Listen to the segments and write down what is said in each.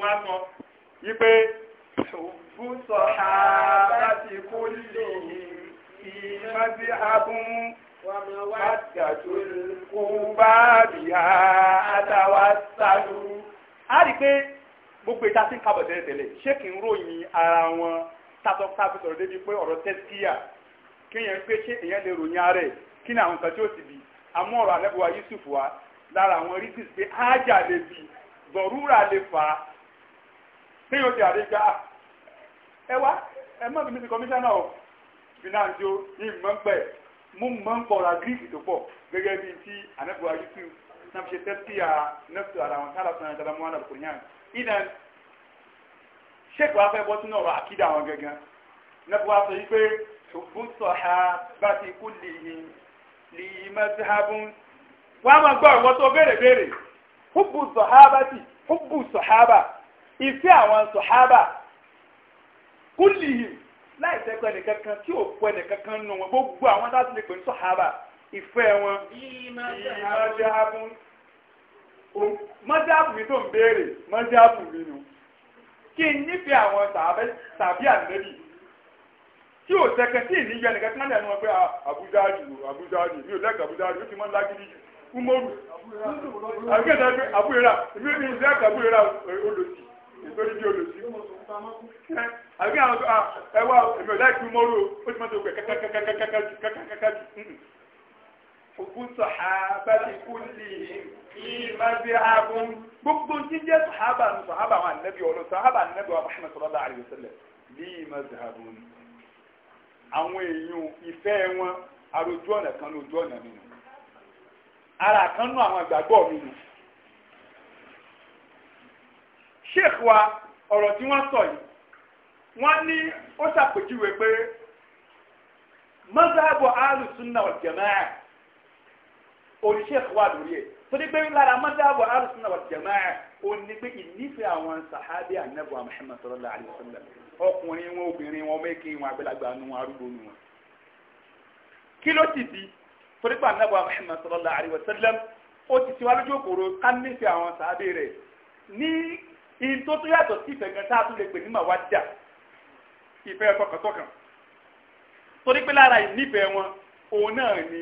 wá sọ wípé òfin sọ àbáti kó lè fi mọ́sí abún wàmíwá gàdó kó bá bìyà àtàwà sálú. a rí i pé gbogbo ìta sí kábọ̀ tẹ́lẹ̀tẹ́lẹ̀ ṣé kí n ròyìn ara wọn tátọ́ tábí sọ̀rọ̀ débi pé ọ̀rọ̀ tẹ́síkíyà kí èèyàn pé ṣé èèyàn lè ròyìn ara ẹ̀ kí ni àwọn nǹkan tí ó ti bì àmọ́ ọ̀rọ̀ àlẹ́bùwà Yusuf wa lára àwọn rísìs pé ájà lè bì zọ̀rúrà lè fà á kéèyàn ti àdé gbà ẹ wá ẹ mọ̀ bí mi ti kọmíṣánná o fìnàjò ní ìmọ̀ǹpẹ̀ mú mọ̀ǹpọ̀ra gíríkì tó pọ̀ gẹ́gẹ́ bí ti ànábọ̀ ayíkú náà fi ṣe tẹ́síyà nẹ́fù ara wọn tálà sọ̀rọ̀ ìjọba mọ́wánà kò yàn ìdá ṣèkò afẹ́ bọ́ sínú ọ̀rọ̀ àkídà wọn gẹ́gẹ́ nẹ́fù wa sọ yí pé ṣùgbọ́n ha bá ti kú lìyìn lìyìn mẹ́tíhábùn wọ́n á máa gbọ́ ọ̀rọ̀ tó béèrè béèrè ìfẹ́ àwọn sọ̀hábà kúlì yìí láì sẹ́kọ̀ ẹnìkankan tí ò pọ̀ ẹnìkankan nù wọn gbogbo àwọn láti lè pè ní sọ̀hábà ìfẹ́ wọn ìmọ̀jáàbù mọ́jáàbù mi tó ń béèrè mọ́jáàbù mi nù kí n nífẹ̀ẹ́ àwọn tàbí ànẹ́bì tí ò sẹ́kẹ̀ tí ì níyọ ẹnìkan tí wọ́n lè nu wọn pé àbújá jù àbújá jù mi ò lẹ́kọ̀ọ́ àbújá jù ó ti mọ́ lágídí jù umoru àbúkẹ́ta àbúrẹ́ra ìfẹ́ àbúrẹ́ra olùsí ìtòrí bí olùsí. àbí àwọn tó ẹ wá èmi ò láì fi mọ́rú ó ti máa tó gbẹ kẹ́kẹ́kẹ́kẹ́kẹ́kẹ́kẹ́kẹ́ jù. ògùn sọ̀hábà ti kú lì í máa bí abún. gbogbo jíjẹ́ sọ̀hábà ní sọ̀hábà àwọn ànábì ọ̀rọ̀ sọ̀hábà ànábì wa Muhammad sallallahu alaihi wasallam lì í máa bí abún sheikh wa ọ̀rọ̀ tí wọ́n sọ yìí wọ́n ní ó ṣàpèjúwe pé mọ́sáàbù alùsùnà ọ̀jẹ̀máà òní sheikh wa lórí ẹ̀ torí pé lára mọ́sáàbù alùsùnà ọ̀jẹ̀máà ó ní pé ìnífẹ̀ẹ́ àwọn sàhábì ànábì Muhammad sallallahu alaihi wasallam ọkùnrin wọn obìnrin wọn mẹ́kì wọn àgbàlagbà nu wọn arúgbó nu wọn. kí ló ti di torí pé ànábì Muhammad sallallahu alaihi wasallam ó ti ti wá lójú òkòrò ká nífẹ̀ẹ́ àwọn sàhábì rẹ̀ ní ìyìn tó tó yàtọ̀ sí ìfẹ́ gan tá a tún lè pè ní màwádìá ìfẹ́ tọkàntọkàn torí pé lára ìnífẹ̀ẹ́ wọn òun náà ni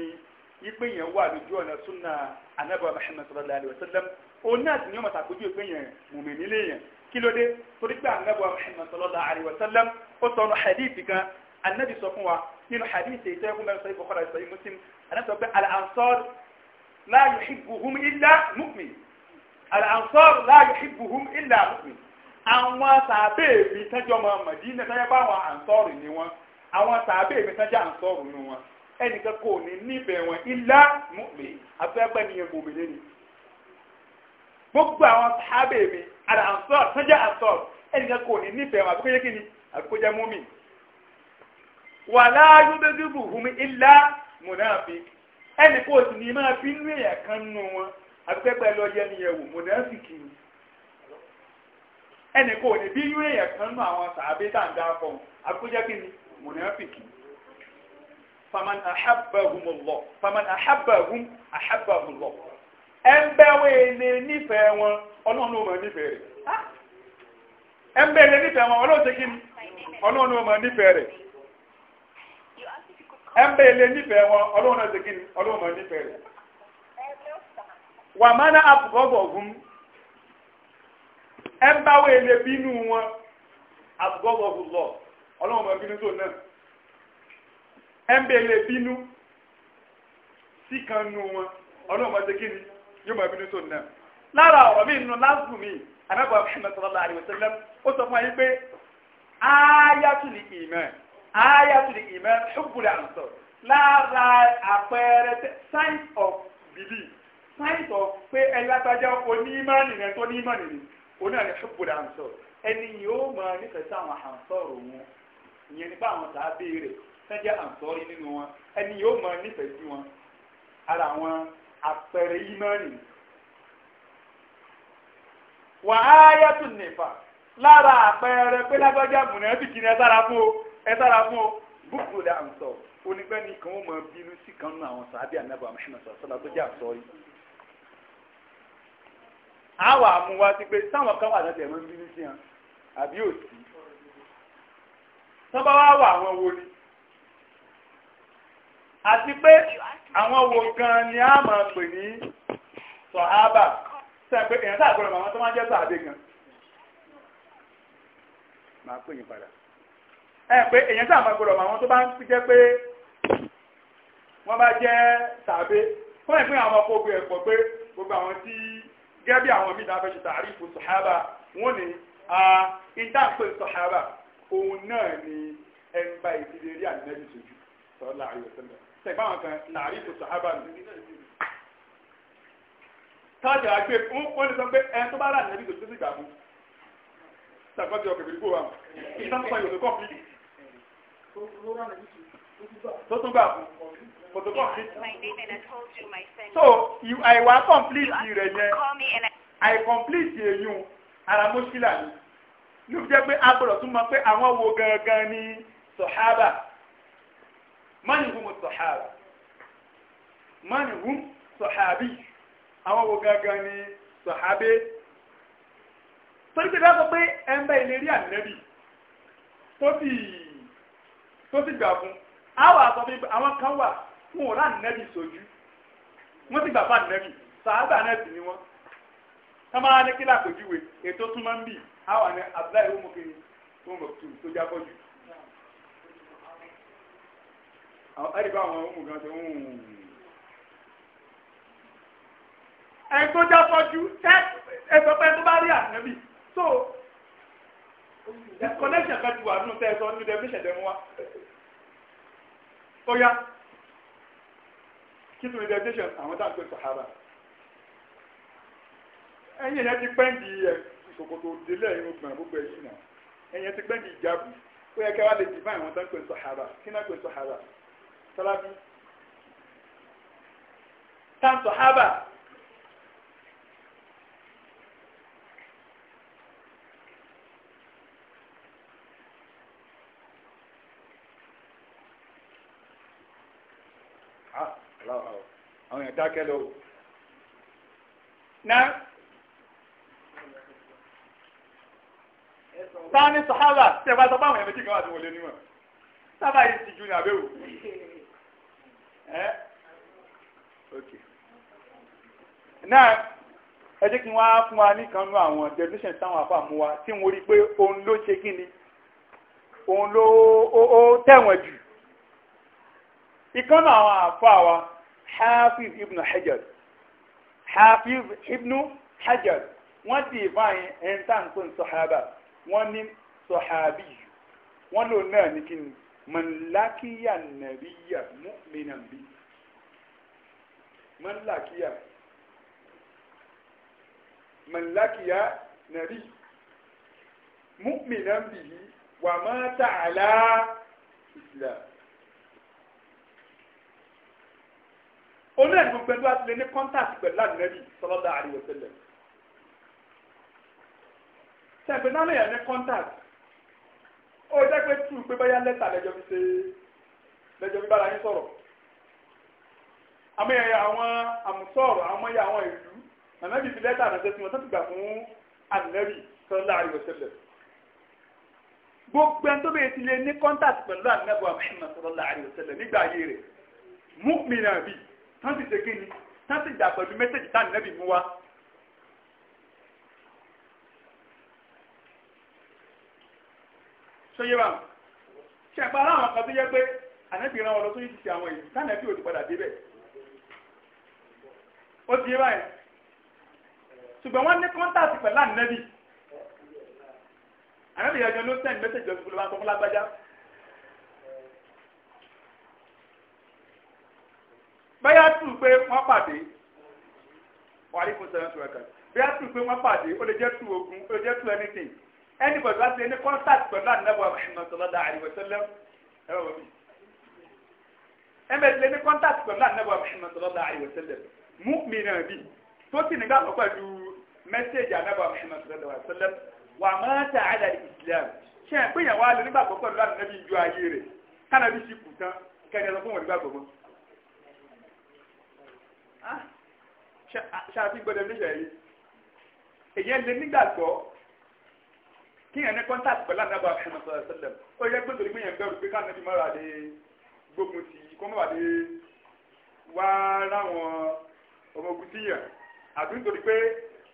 ipe yẹn wà lójú ọ̀nà súnà anábọ̀ Muhammad sallallahu alayhi wa sallam òun náà sì ni wọ́n máa ṣàpèjú ipe yẹn mùmí nílé yẹn kí ló dé torí pé anábọ̀ Muhammad sallallahu alayhi wa sallam ó sọ ọ́nà hadithi kan anábì sọ fún wa nínú hadithi èyí tẹ́kùn mẹ́rin sọ́yìn Bukhari sọ́yìn Muslim anábì sọ pé al-ansar la yuhibbuhum illa mu'min al-ansar la yuhibbuhum illa mu'min àwọn sàbẹ̀ mi tẹ́jọ́ mọ Mẹdínà tẹ́jọ́ bá àwọn ansọ́rù ni wọn àwọn sàbẹ̀ mi tẹ́jọ́ ansọ́rù ni wọn ẹnìkan kò ní níbẹ̀ wọn illa mu'min afẹ́gbẹ́ nìyẹn mòmìnir ni gbogbo àwọn sàbẹ̀ mi al tẹ́jọ́ ansọ́rù ẹnìkan kò ní níbẹ̀ wọn àbíkó kí ni àbíkó jẹ́ mu'min wàlá yúdẹ́dúbù hùmí afẹ́pẹ́ yẹ nìyẹn wò ẹnì kò ní bí irú èèyàn kan nù àwọn sàábé tàǹdà kí ni faman faman nífẹ̀ẹ́ wọn ọlọ́run ló nífẹ̀ẹ́ rẹ̀ ẹnbẹ́wé nífẹ̀ẹ́ wọn ọlọ́run ṣe kí ni ọlọ́run nífẹ̀ẹ́ rẹ̀ nífẹ̀ẹ́ wọn ọlọ́run nífẹ̀ẹ́ rẹ̀. wà má ná àbùgọ́gọ̀gùn ẹ bá wọ èlé bínú wọn àbùgọ́gọ̀gùn lọ ọlọ́run bá bínú tó náà ẹ ń bẹ èlé bínú sí kan nu wọn ọlọ́run bá ṣe kí ni yóò má bínú tó náà lára ọ̀rọ̀ mi nù lásìkò mi ànábì Muhammad sallallahu alaihi wasallam ó sọ fún wa yìí pé ayatollah iman ayatollah iman hubbul ansar lára àpẹẹrẹ signs of belief. na pé ẹlágbájá onímọ̀nì rẹ̀ tó nímọ̀nì ni oní àlẹ́ ṣùgbọ́dà àǹsọ̀ ẹni yóò máa nífẹ̀ẹ́ sí àwọn àǹsọ̀ òun ìyẹn nípa àwọn tàbí rẹ̀ sẹ́jẹ́ àǹsọ̀ nínú wọn ẹni yóò nífẹ̀ẹ́ ara àpẹẹrẹ ìmọ̀nì. nìfà lára àpẹẹrẹ pé lágbájá mùnà ẹ ẹ sára fún o ẹ sára fún o àwa àmúwa ti pé sáwọn kan wà lọ́tẹ̀ mọ́ bíbí sí hàn àbí òsì tọ́ba wá wà àwọn wo ni àti pé àwọn wo gan ni a máa pè ní sọ̀hábà sẹ́pẹ́ èèyàn sáà gbọ́dọ̀ àwọn tó máa jẹ́ sàádé gan máa pè yín padà ẹ pé èèyàn sáà máa gbọ́dọ̀ àwọn tó bá ń jẹ́ pé wọ́n bá jẹ́ sàádé fún ìpín àwọn ọkọ̀ ogun ẹ̀kọ́ pé gbogbo àwọn tí gẹ́gẹ́ bí àwọn mídà abẹ́ṣe tààrífù sọ̀hábà wọ́n ní ìdáǹpé sọ̀hábà òun náà ni ẹnba ìdílé rí ànábì sojú sọ́lá àyọ̀sẹ́lẹ̀ tẹ̀gbọ́n àwọn kan tààrífù sọ̀hábà ni táàjà àgbẹ̀ wọ́n ní sọ pé ẹn tó bá rà ànábì sojú sí ìgbàgbọ́ sàkọ́jọ kẹfìrí kó wa ìdáǹpé so àìwá complete rẹ̀ yẹn àìcomplete èyàn ara mọ́ṣílà ni ló jẹ́ pé agbọ́dọ̀ tún mọ̀ pé àwọn wo gangan ni sọ̀hábà mọ́nìhùn sọ̀hábà mọ́nìhùn sọ̀hábì àwọn wo gangan ni sọ̀hábé torí pé dákọ̀ pé ẹnbẹ́ ilé rí ànẹ́bì tó sì gbà fún àwọn àtọ́bí àwọn kan wà wọn ò rán nẹ́bì sójú wọ́n ti gbà fún ànẹ́bì sàábà nẹ́bì ni wọ́n tọ́mọ anẹ́kílà àpèjúwe ètò túnmọ́ ń bì àwọn àni abdullahi omokiri omokiri tó jábọ́ jù ẹ̀rí bá àwọn omokiri ṣe ń ẹni tó jábọ́ jù tẹ́ ẹgbẹ́pẹ́ tó bá rí ànẹ́bì so connection kan ti wà nínú tẹ́ ẹ sọ nínú definition tẹ́ mú wa kí ni reservation àwọn tá à ń pè sàhárà ẹ̀yìn yẹn ti pẹ́ǹdì ẹ̀ ìṣòkòtò délẹ̀ irun gbọ̀n gbogbo ẹ̀ yìí nà ẹ̀yìn yẹn ti pẹ́ǹdì ìjábù ó yẹ kí wàá lè dìbò àwọn tá à ń pè sàhárà kí náà pè sàhárà sálábí tá à ń sàhárà. àwọn èèyàn dákẹ́ lọ. Ná ta ni sàhábà tẹ́ bá sọ bá àwọn ẹ̀mẹ́jì kan wà tí wọ́n lé níwọ̀n. Sábà yìí ti ju ní àbẹ́wò. Ná ẹ jẹ́ kí wọ́n á fún wa ní kan nú àwọn definition táwọn àfà mú wa tí wọ́n rí pé òun ló ṣe kí ni òun ló tẹ̀wọ̀n jù. Ìkan àwọn àfà wa hafiz ibn hajar hafiz ibn hajar wọ́n ti ìfáyín ẹni tá à ń pè ní sọ̀hábà wọ́n ní sọ̀hábì wọ́n lò náà ní kí ni mọ̀lákìyà nàbíyà mu'minan bi mọ̀lákìyà mọ̀lákìyà nàbí mu'minan bihi wà má tààlà islam. onú ẹ̀ gbogbo ẹni wá ti lè ní kọ́ńtàtì pẹ̀lú ànẹ́bí sọlọ́dà àríwọ̀ sẹlẹ̀ sẹ́gbẹ̀ náà lèèyàn ní kọ́ńtàtì ó jẹ́ pé tù pé báyá lẹ́tà lẹ́jọ́ fi ṣe lẹ́jọ́ fi bára yín sọ̀rọ̀ àmọ́ ẹ̀yà àwọn àmùsọ̀rọ̀ àwọn ẹ̀yà àwọn ìlú ànẹ́bí fi lẹ́tà ànàṣẹ́ tí wọ́n tẹ́tù gbà fún ànẹ́bí sọlọ́dà àríwọ̀ sẹlẹ̀ gbogbo ẹni tó bẹ̀rẹ̀ tán sì ṣe kí ni tán sì gbà pẹ̀lú mẹ́sẹ̀jì tá nẹ́bì mú wa. sọ yé wa ṣe àpá aláwọn kan tó yẹ pé ànẹ́bì ran wọn lọ sórí ti àwọn èyí tá nẹ́bì ò ti padà débẹ̀ ó ti yé báyìí ṣùgbọ́n wọ́n ní kọ́ńtàtì pẹ̀lú ànẹ́bì ànẹ́bì yẹn gan ló sẹ́ni mẹ́sẹ̀jì ọ̀sùn fúnlọ́wọ́ bẹ́yà tù pé wọ́n pàdé wà ní kùsùn ẹ̀sùn ẹ̀kẹ́ bẹ́yà tù pé wọ́n pàdé ó lè jẹ́ tù ogun ó lè jẹ́ tù anything anybody wá sí ẹni contact pẹ̀lú ànábọ̀ Muhammad sallallahu alaihi wasallam ẹ̀rọ wọ̀ mí ẹ̀mẹ̀ lè ní contact pẹ̀lú ànábọ̀ Muhammad sallallahu alaihi wasallam mú mi náà bí tó sì nígbà wọ́n pẹ̀lú mẹ́sẹ̀gì ànábọ̀ Muhammad sallallahu alaihi wasallam wà máa ta àdà Islam ṣe é pé yẹn wá lè nígbà gbọ́ pẹ̀lú ànábì ju ayé rẹ̀ kánàbí sì kù tán kẹ́ni ẹ̀ ṣáàtì gbọ́dọ̀ níṣẹ́ yìí èyí ẹni nígbàgbọ́ kí yẹn ní kọ́ńtàtì pẹ̀lú àdàbà fún ọ̀sán ẹ̀sẹ̀lẹ̀ ó yẹ gbọ́dọ̀ nígbà yẹn bẹ̀rù pé káàmì ti mọ́ra dé gbógun ti kó mọ́ra dé wá láwọn ọmọ ogun tíyàn àbí nítorí pé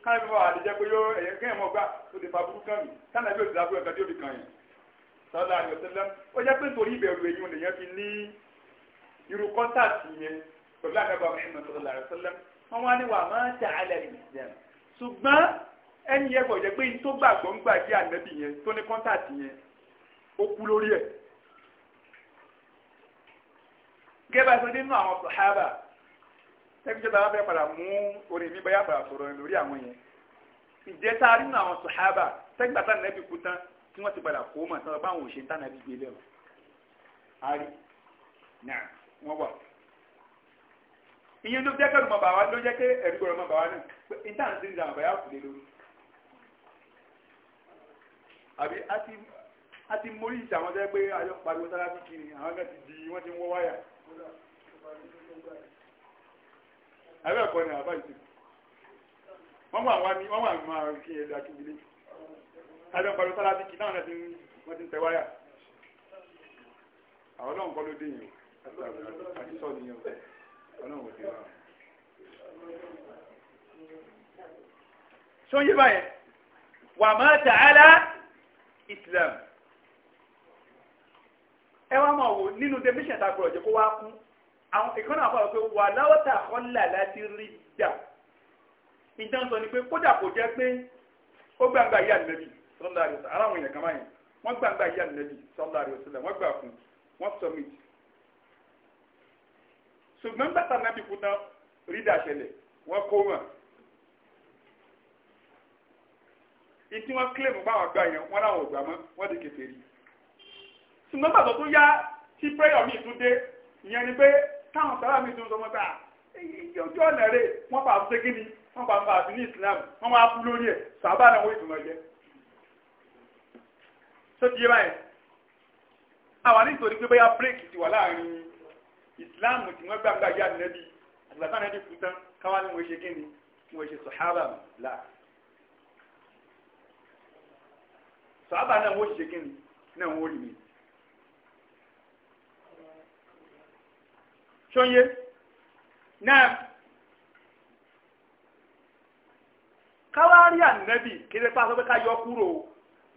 káàmì mọ́ra dé jẹ́ pé yóò ẹ̀yẹ kéèyàn mọ́ gbà tó lè fa burúkú kàn mí káàmì bí òṣìṣẹ́ àbúrò ẹ̀ka tí ó fi kàn yẹn sọ́dọ̀ àyọ̀sẹ́lẹ̀ ó yẹ pé nítorí ìbẹ̀rù èyí pẹ̀lú àdàbà Muhammad sallallahu alaihi wasallam wọ́n wá ní wà máa ń tà alẹ́ ìsìlẹ̀m ṣùgbọ́n ẹni yẹ kọ̀ jẹ́ pé ní tó gbàgbọ́ ń gbàjẹ́ ànábì yẹn tó ní kọ́ńtàtì yẹn ó kú lórí ẹ̀. gẹ́gẹ́ bá a sọ nínú àwọn sàhábà ẹgbẹ́ jọba bá fẹ́ padà mú orin mi báyà padà sọ̀rọ̀ lórí àwọn yẹn ìjẹ́ tá nínú àwọn sàhábà sẹ́gbà tá nàbì kú tán tí wọ́n ti padà kó mọ̀ tán báwọn òṣèǹtà nàbì gbé lẹ́wọ̀n. a rí ìyẹn ló jẹ́ kẹ́rù mọ́ bàwá ló jẹ́ kẹ́ ẹ̀rú gbọ́dọ̀ mọ́ bàwá náà ìtàn sí ìdàmọ̀ bàyà kù lé lórí. àbí a ti mórí ìṣà wọn sẹ́yìn pé ayọ́ pariwo sálábì kiri àwọn náà ti di wọ́n ti ń wọ́ wáyà. àbẹ́ ẹ̀kọ́ ni àbá ìṣe wọ́n wà wá ní wọ́n wà máa kí ẹ̀ dá kíbi lé. ayọ́ pariwo sálábì kiri náà wọ́n ti ń tẹ wáyà. àwọn náà ń kọ́ ló dé yìí àti sọ́ọ̀nù ọlọ́run ti wá. sọ yí báyẹn wà má ta'ala islam ẹ wá máa wò nínú definition tá a gbọ́dọ̀ jẹ́ kó wá kún àwọn ìkànnì àfọwọ́ pé wà láwọ́tà ọ̀là láti rí dà ìjọ sọ ni pé kódà kò jẹ́ pé ó gbàgbà yíyá nẹ́bí sallallahu alaihi wasallam aráwọn èèyàn kan báyìí wọ́n gbàgbà yíyá nẹ́bí sallallahu alaihi wasallam gbà fún wọ́n submit ṣùgbọ́n gbàtà náà bìkú náà rí dàṣẹlẹ̀ wọ́n kó wọn. ìtí wọ́n kílèmù bá wọn gbà yẹn wọ́n láwọn ò gbà mọ́ wọ́n di kẹfẹ́ rí. ṣùgbọ́n gbàtọ̀ tó yá tí pẹ́yọ̀ mi tún dé ìyẹn ni pé táwọn sábà mi tún sọ mọ́ta ah, ojú ọ̀nà rẹ̀ wọ́n bá ṣe kí ni wọ́n bá ń bá àbí ní ìsìlámù wọ́n máa kú lórí ẹ̀ sábà náà wọ́n ìtumọ̀ jẹ́. ṣé ti yé báyìí? àwa nítorí pé bóyá bírèkì ti wà láàrin ìsìláàmù tí wọ́n gbàgbà yá nẹ́bí àgbàtà nẹ́bí kú tán káwá ní wọ́n ṣe kí ni wọ́n ṣe sọ̀hábà là sọ̀hábà náà wọ́n ṣe kí ni náà wọ́n rí mi. sọ́yẹ́ náà káwá rí ànẹ́bí kéde pa àtọ́gbẹ́ ká yọ kúrò o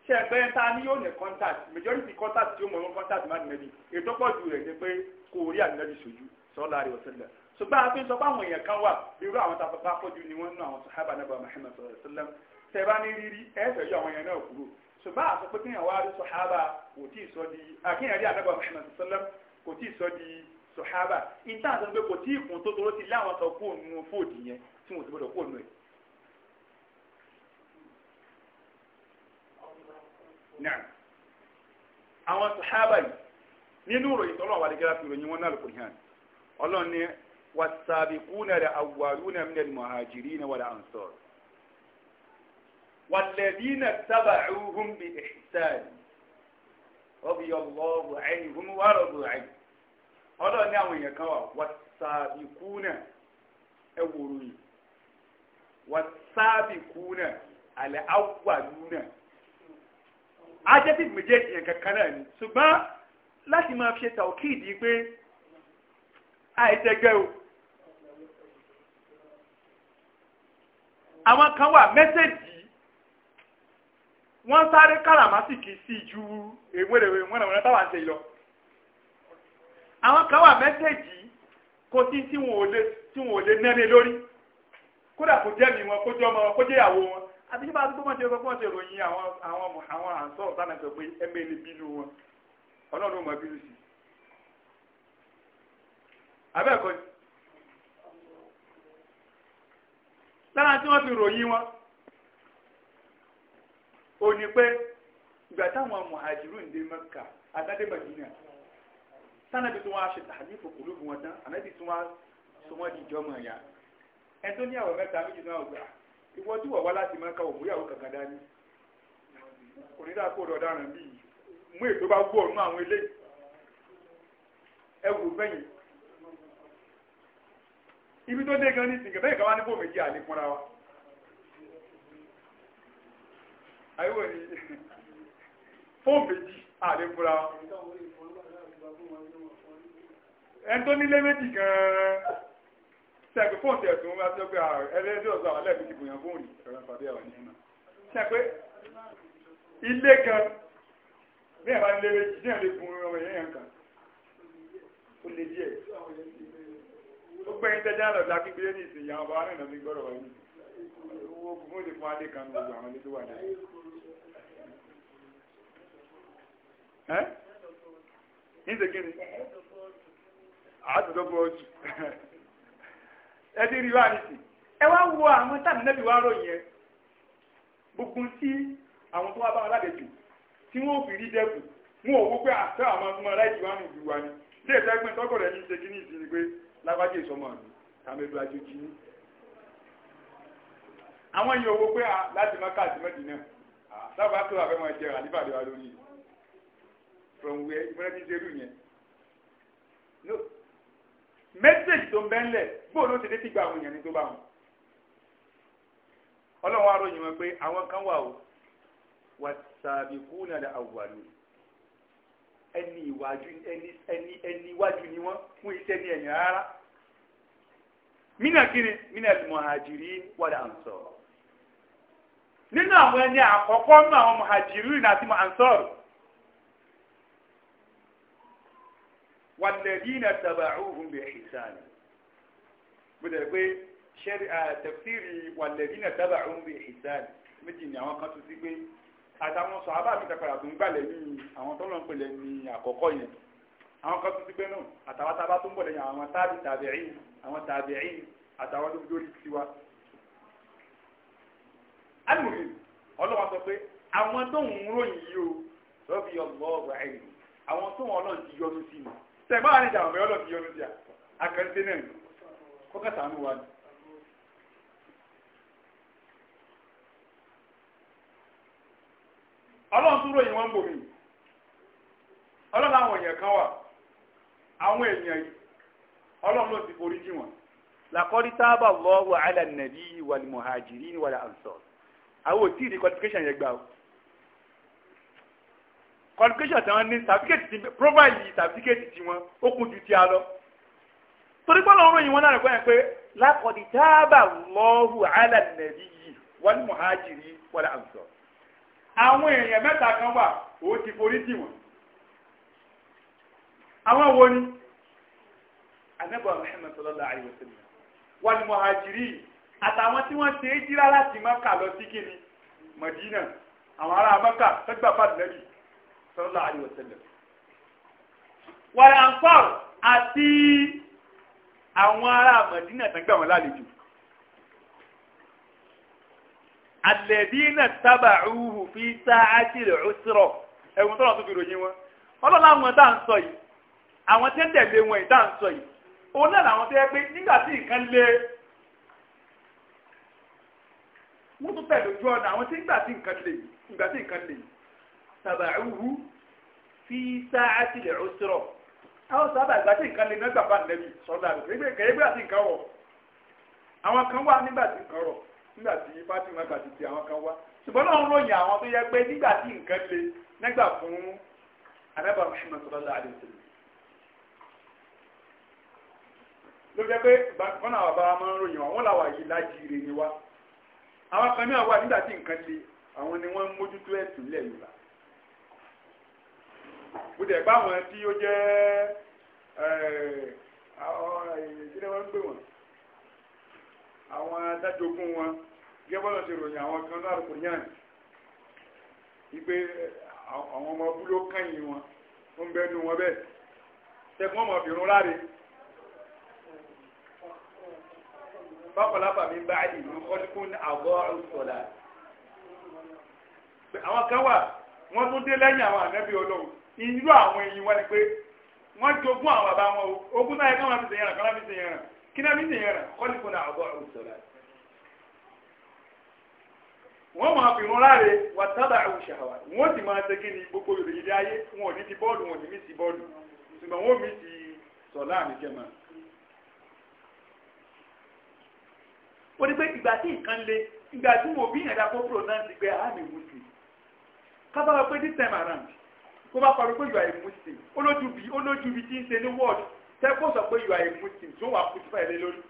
ṣe ẹgbẹ́ ta ni yóò ní contact majority contact tí ó mọ̀ ọ́n contact má nẹ́bí ètò pọ̀ ju rẹ̀ ṣe pé kò rí ànábì sojú sọlá rẹ ọsẹlẹ ṣùgbọ́n àfi sọ pé àwọn èèyàn kan wà irú àwọn tá a bá fọ́jú ni wọ́n nú àwọn sàhábà nàbà Muhammad sọlá ṣẹlẹ tẹ bá ní rírí ẹ̀ẹ́dẹ̀ yọ àwọn èèyàn náà kúrò ṣùgbọ́n àsọ pé kíyàn wá rí sàhábà kò tí ì sọ di àkíyàn rí ànábà Muhammad sọlá kò tí ì sọ di sàhábà ìtàn àti pé kò tí ì kún tó toró ti lé sọ kó nu fóòdì yẹn tí wọn ò ti gbọdọ̀ kó nu ẹ̀. àwọn sàhábà yìí nínú ìròyìn tọ́lọ̀ wà lẹ́gẹ́rẹ́ fi ròyìn wọn náà lóko yàn ọlọ́run ní wasabiquna al-awwaluna min al-muhajirina wal-ansar والذين اتبعوهم بإحسان رضي الله عنهم ورضوا عنه ọlọ́run ní àwọn èèyàn kan wà wasabikuna ẹ wòrò yìí wasabikuna alẹ́ awwaluna ajẹ́tì méjèèjì yẹn kankan náà ni ṣùgbọ́n láti máa fi ṣe tàwọ́kìdì pé àìsẹ̀gbẹ́ o àwọn kan wà mẹ́sẹ̀jì wọ́n sáré káràmásìkì sí ju èwèrèwè wọ́n náà táwà ń ṣe lọ àwọn kan wà mẹ́sẹ̀jì kò sí tí wọn ò lè nẹ́ni lórí kódà kò jẹ́ mi wọn kó jẹ́ ọmọ wọn kó jẹ́ ìyàwó wọn àti ṣé bá tó mọ̀ ṣe sọ fún ọ̀ṣẹ̀ ìròyìn àwọn àwọn àǹsọ̀ ọ̀tá náà sọ pé ẹgbẹ́ ilé wọn ọlọ́run ọmọ bínú sí abẹ́ẹ̀kọ́ lára tí wọ́n fi ròyìn wọn ò ní pé ìgbà táwọn muhajirun dé Mẹ́kà àtàdé Mẹ́dínà sanabi tí wọ́n á ṣe tàbí fòkúlù fún wọn tán tí wọ́n á sọ wọ́n di ìjọ́mọ̀ ẹ̀yà ẹni tó ní àwọn mẹ́ta méjì náà gbà ìwọ́n tí wọ́n wá láti Mẹ́kà òmùyàwó kankan dání onídàákòrò ọ̀daràn bíi mú ètò bá wú ọ̀nà àwọn eléyìí ẹ wò fẹ́yìn ibi tó dé gan ní ìsìnkẹ́ bẹ́ẹ̀ káwá ní bò méjì àlè fúnra wa àyíwò ni fóònù méjì àlè fúnra wa ẹni tó nílé méjì gan-an fóònù tẹ̀ wá sí ọgbẹ́ ẹlẹ́dí ọ̀sán àwọn ẹlẹ́bí ti bòyàn fóònù ẹ̀rọ àwọn ènìyàn náà sẹ́ẹ̀kì ilé gan bí ẹ̀ bá lé méjì ní ẹ̀ lè gun ọmọ yẹn kan ó lè díẹ̀ ó gbẹ́ ń tẹ́jà lọ́dà kíkiri ní ìsìn ìyàwó bàbá náà mi gbọ́dọ̀ wáyé owó fún òde fún adé kan gbogbo àwọn ilé tó wà lẹ́yìn. ẹ́ ní ìsèké ni àádọ́dọ́gbọ̀ ọjọ́ ẹ ti rí wá nísìn ẹ wá wo àwọn táàmì náà bí wá ròyìn ẹ gbogbo tí àwọn tó wá bá wọn lábẹ́ tí wọ́n fi rí dẹ́kun wọn ò wó pé àtẹ ah, àwọn ọmọ aláìsí wa nù ìlú wa ni ilé ìtẹ́gbẹ́ tọkọ̀rẹ́ ní ṣe kíní ìsinmi pé lágbájá ìsọmọ mi tàmẹ́lú àjòjì ni. àwọn yìí ò wó pé ah, láti mọ́ká àti mọ́dínà sábà ah, tó àfẹ́ wọn jẹ àlífàdé wa lórí from where ìmọ̀lẹ́ ti ṣerú yẹn. mẹ́sẹ̀jì tó ń bẹ́ńlẹ̀ bóòlù ó ti dé ti gba àwọn èèyàn ní tó bá wọn ọlọ́run aróyìn wọn pé àwọn kan wà ó wà sàbìkúnà da àwùwàlú ẹni ìwájú ẹni ẹni ẹni ìwájú ni wọ́n fún iṣẹ́ ní ẹ̀yìn rárá mínà kíni mínà muhajirin wal ansar nínú àwọn ẹni àkọ́kọ́ nínú àwọn muhajirin àti ansar walladhina taba'uhum bi ihsan gbọdọ̀ pé ṣẹ́rí àtẹ̀síìrì walladhina taba'uhum bi ihsan méjì ni àwọn kan tún sí pé àtàwọn sọ abá mi tẹpẹrẹ àtúntò gbalẹ̀ ní àwọn tó lọ́n pèlè ní àkọ́kọ́ yẹn àwọn kan tún ti pé náà àtàwọn tá a bá tún bọ̀ lẹ́yìn àwọn táàbì tàbíìn àwọn tàbíìn àtàwọn tó fi dórí tiwa. alùpùpù ọlọ́wọ́ sọ pé àwọn tó ń ròyìn yìí o lọ́ọ́ fi ọgbọ́ ọgbà ẹ̀yìn àwọn tó wọn ọlọ́run ti yọnu sí mi tẹ̀ báwa ni jàmbá ọlọ́run ti yọnu sí à àkàntẹ́ náà kọ́kàtà ń wá ọlọ́run tún ròyìn wọn ń bòmí ọlọ́run àwọn èèyàn kan wà àwọn èèyàn yìí ọlọ́run ló ti forí jì wọ́n. làkọ́rí tábà lọ́wọ́ àlà nàbí wàlì mọ̀hàjìrí ní wàlì ànsọ̀ àwọn ò tí ì di qualification yẹn gbà o qualification tí wọ́n ní certificate ti provide yìí certificate ti wọn ó kún ju ti a lọ torí pé ọlọ́run ròyìn wọn náà rẹ̀ pé làkọ́rí tábà lọ́wọ́ àlà nàbí wàlì mọ̀hàjìrí wàlì ànsọ̀ àwọn èèyàn mẹ́ta kan wà ó ti forí tì wọ́n àwọn wo ni anabu Muhammad sallallahu alayhi wa sallam wal muhajiri àtàwọn tí wọ́n ṣe é jíra láti maka lọ sí kíni Madina àwọn ará maka tẹgbà fún anabi sallallahu alayhi wa sallam àti àwọn ará Madina tẹgbà wọn lálejò. alẹ́dínà tábàáhù fi tó fi ròyìn wọn ọlọ́lá àwọn tá à ń sọ yìí àwọn tẹ́ ń tẹ̀lé wọn yìí tá à ń sọ yìí òun náà làwọn tẹ́ pé nígbà tí nǹkan lé wọ́n tún tẹ̀lé ojú ọ̀nà àwọn tí nígbà tí nǹkan yìí nígbà tí nǹkan yìí tábàáhù fi sáájì rẹ̀ ó sírọ̀ àwọn sábà ìgbà tí nǹkan náà gbà bá nígbà tí Fatima tàbí ti àwọn kan wá ṣùgbọ́n náà ń ròyìn àwọn tó yẹ pé nígbà tí nǹkan le nígbà fún anábà Muhammad sallallahu alaihi wasallam ló jẹ́ pé bọ́n àwọn bàbá máa ń ròyìn àwọn làwà yìí lájire ni wá àwọn kan náà wà nígbà tí nǹkan le àwọn ni wọ́n ń mójútó ẹ̀sìn ilẹ̀ Yorùbá mo dẹ̀ bá àwọn tí ó jẹ́ eh, àwọn ìdílé eh, wọn ń pè wọ́n àwọn adájogún wọn gẹ́gbọ́dọ̀ ti ròyìn àwọn kan náà kò yàn ìgbé àwọn ọmọ búló kẹ́yìn wọn ó ń bẹ́nu wọn bẹ́ẹ̀ tẹ̀gbọ́n ọmọ obìnrin láre bákọ̀lábà mi bá yìí ló àgọ́ ìsọ̀lá àwọn kan wà wọ́n tún dé lẹ́yìn àwọn ànábì ọlọ́run irú àwọn èyí wọn ni pé wọ́n jogún àwọn bàbá wọn o ogún náà yẹ káwọn fi ṣèyàn kí náà fi ṣèyàn kí náà fi ṣèyàn kọ́ nípò ní àgọ́ ìsọ̀lá wọ́n máa fi rún láre wà tábà àwùṣà wa wọ́n sì máa ṣe kí ni gbogbo ìròyìn ayé wọn ò ní ti bọ́ọ̀lù wọn ò ní mí sí bọ́ọ̀lù ṣùgbọ́n wọ́n mi ti sọ̀lá àmì jẹ́mà. ó ní pé ìgbà tí nǹkan le ìgbà tí mo bí ìyànda kó pronounce pé ah, I am a Muslim ká bá pé this time around kó bá parí pé you are a Muslim olójú bí olójú bí ti ń ṣe ní word tẹ́kọ̀ sọ pé you are a Muslim tí ó wà kùtùfà ẹ̀ lé lórí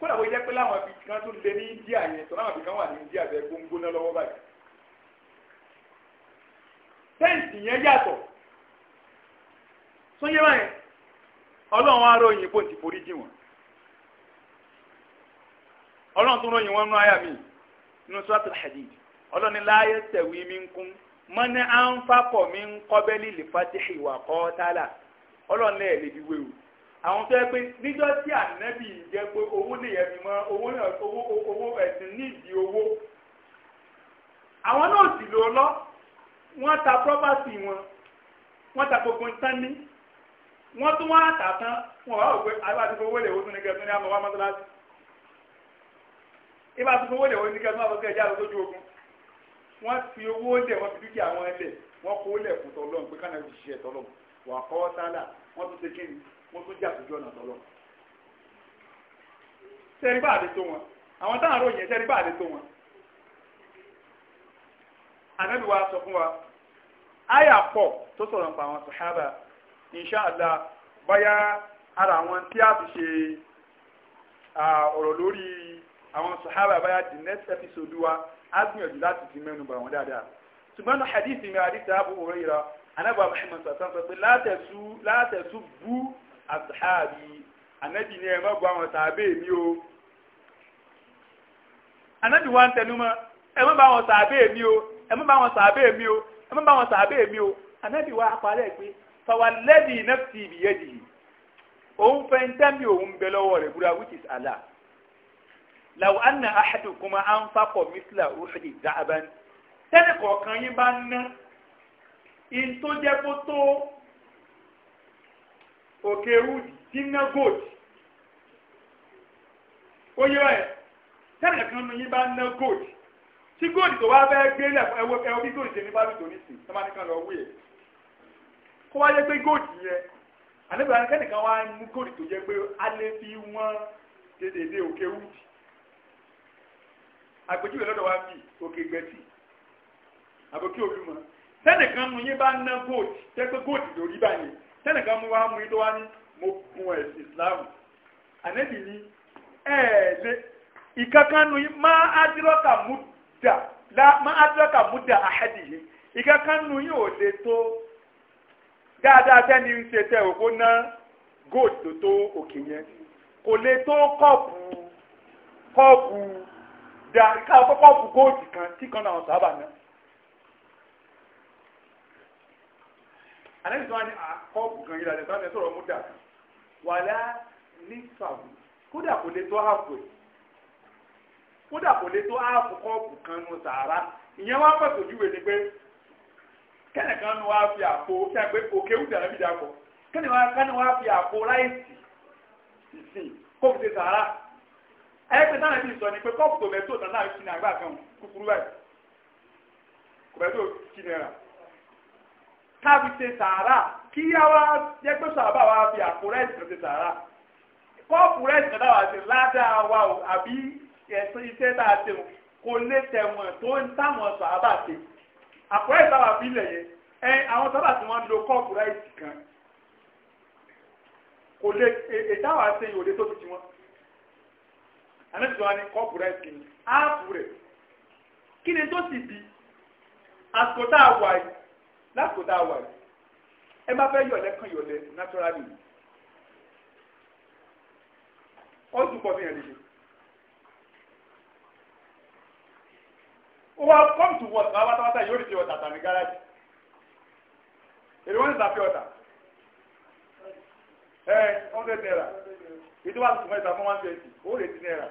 kódà bó jẹ́ pé láwọn ibi kan tún lé ní India yẹn tó láwọn ibi kan wà ní India bẹ́ẹ̀ gbóngbóná lọ́wọ́ báyìí tẹ́ǹtì yẹn yàtọ̀ tó yẹ báyẹn ọlọ́run á ròyìn bó ti forí jì wọ́n ọlọ́run tó ròyìn wọn nú àyà mi nínú suratul hadid ọlọ́run ní láàyè tẹ̀wé mi ń kún mọ́ni à ń fakọ̀ mi ń kọ́bẹ́lì lè fatihi wà kọ́ tálà ọlọ́run lẹ́yìn lè fi wéwu àwọn tó yẹ pé níjọ́ tí ànábì jẹ́ pé owó nìyẹn fi mọ́ owó náà owó owó ẹ̀sìn nídìí owó àwọn náà sì lò lọ wọ́n ta property wọn wọ́n ta gbogbo nǹkan ní wọ́n tún wọ́n àtà tán wọ́n wá òwe alibàtúfò owó lè wo tún ní kẹsàn-án ní àmọ́ wá mọ́tàlásì ìbàtúfò owó lè wo ní kẹsàn-án àbọ̀kẹ́ ẹ̀já lójú ogun wọ́n fi owó lẹ̀ wọ́n fi dúkìá wọn lẹ̀ wọ́n kó lẹ̀ fún tọ́lọ́n wọ́n tún jà sójú ọ̀nà tọ́lọ́ sẹ́rí bá àdé tó wọn àwọn táwọn ròyìn sẹ́rí bá àdé tó wọn. ànábì wa sọ fún wa àyà pọ̀ tó sọ̀rọ̀ nípa àwọn sàhábà inṣáàlá báyà ara àwọn tí a ti ṣe ọ̀rọ̀ lórí àwọn sàhábà báyà the next episode wa á gbìyànjú láti fi mẹ́nu bà wọ́n dáadáa ṣùgbọ́n ní hadith mi hadith Abu Hurairah anábà Muhammad sàtàn sọ pé látẹ̀sú bú asahabi anabi ni ẹ má bu àwọn sàbẹ̀ mi o anabi wa ń tẹnu mọ́ ẹ má bá wọn sàbẹ̀ mi o ẹ má bá wọn sàbẹ̀ mi o ẹ má bá wọn sàbẹ̀ mi o anabi wa apalẹ̀ pé fawalẹ́dì nẹ́fìtì ìbíyẹ́dì òun fẹ́ ń tẹ́mi òun bẹ lọ́wọ́ rẹ̀ búra which is Allah law anna ahadukum anfaqa mithla uhudi da'aban tẹ́nì kọ̀ọ̀kan yín bá ń ná in tó òkè wúdì dínà gold ó yẹ ẹ tẹ́lẹ̀ kan ní yín bá ná gold tí gold tó wá bẹ́ẹ̀ gbé lẹ̀ ẹwọ ẹwọ bí gold ṣe ní bá lùtò nísìn tó máa nìkan lọ wú yẹ kó wá yẹ pé gold yẹ àlébà kẹ́nìkan wá mú gold tó yẹ pé alẹ́ fi wọ́n dédédé òkè wúdì àpèjúwe lọ́dọ̀ wa bì òkè gbẹ̀tì àbòkí òbí mọ́ tẹ́lẹ̀ kan ní yín bá ná gold tẹ́ pé gold lórí báyìí sɛnɛka mu wa mui do wa ni mo mo wɛ islam ane bi ni ɛɛ le ikakan nu ma adirɔ ka mu da la ma adirɔ yi o le to daadaa sɛni n'i se tɛ o ko na gold do to oke yɛ le to kɔpu kɔpu da kɔpu gold kan ti kan na ɔsaba na. àlẹ́ wa ní àkọ́ọ̀bù kan yìí lálẹ́ bá sọ̀rọ̀ mú dà wàlá nífàwù kódà kò lè tó ààbò kódà kò kan sàárà ìyẹn wá pẹ̀sọ̀ ni kan nu wá fi àpò pé òkè dàpọ̀ kẹ́nì wá fi àpò láìsì ìsìn ti sàárà ẹgbẹ́ náà ti sọ ni pé náà ti ní àgbà kan kúkúrú kábi ṣe sàárà kí yá wá jẹ́ pé sàbà wá fi àpò rẹ́ẹ̀sì kan ṣe sàárà kọ́ọ̀pù rẹ́ẹ̀sì kan dáwà ṣe ládàá wa o àbí ẹ̀sìn iṣẹ́ tá a ṣe o kò lè tẹ̀wọ̀n tó ń táwọn sàbà ṣe àpò rẹ́ẹ̀sì táwà fi lẹ̀ yẹn ẹ àwọn sàbà tí wọ́n lo kọ́ọ̀pù rẹ́ẹ̀sì kan kò lè ètàwà ṣe yìí ò lè tóbi tiwọn anẹ́tìtìwá ni kọ́ọ̀pù rẹ́ẹ̀sì ni áàpù rẹ̀ kí ni tó sì bí àsìkò tá a wà yìí lásìkò tá a wà yìí ẹ má fẹ́ yọ̀lẹ́ kan yọ̀lẹ́ naturally ó tún bọ̀ bíyàn léṣe. ó come to work wá pátápátá yóò rí ti ọ̀tà tàbí gáràjì èrè wọn ní ìsàfihàn ọ̀tà ẹ hundred naira ìdíwà tuntun mẹ́ta fún one twenty ó lè ti naira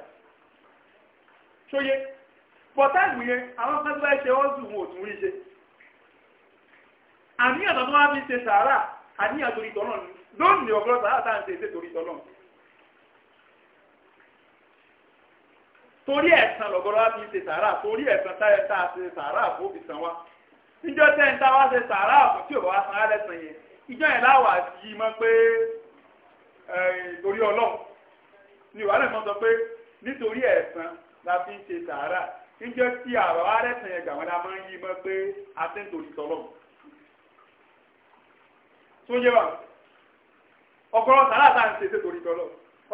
ṣóyè pọ̀táàgì yẹn àwọn kan tó bá ṣe ọ́n sùn wọn ò tún rí ṣe àníyàn tó máa fi ṣe sàárà àníyàn torí tọ́lọ̀ ni lónìí ọ̀gbọ́n sàárà tá à ń ṣe ṣe torí tọ́lọ̀ torí ẹ̀san lọ́gbọ́dọ́ wá fi ṣe sàárà torí ẹ̀san táyẹ̀ tá a ṣe sàárà kó fi san wá níjọ́ tẹ́ ń tá wá ṣe sàárà kó tí ò bá wá san á yẹn ìjọ yẹn láwà yìí mọ́ pé torí ọlọ́run ni ìwà náà sọ pé nítorí ẹ̀san la fi ń ṣe sàárà níjọ́ tí àbáwá lẹ́san yẹn gbà wọn la máa ń yí mọ́ pé a ti ń torí tọ́lọ́run tó yé wa ọgọrọ sàrà tá à ń ṣe ṣètò orí tọlọ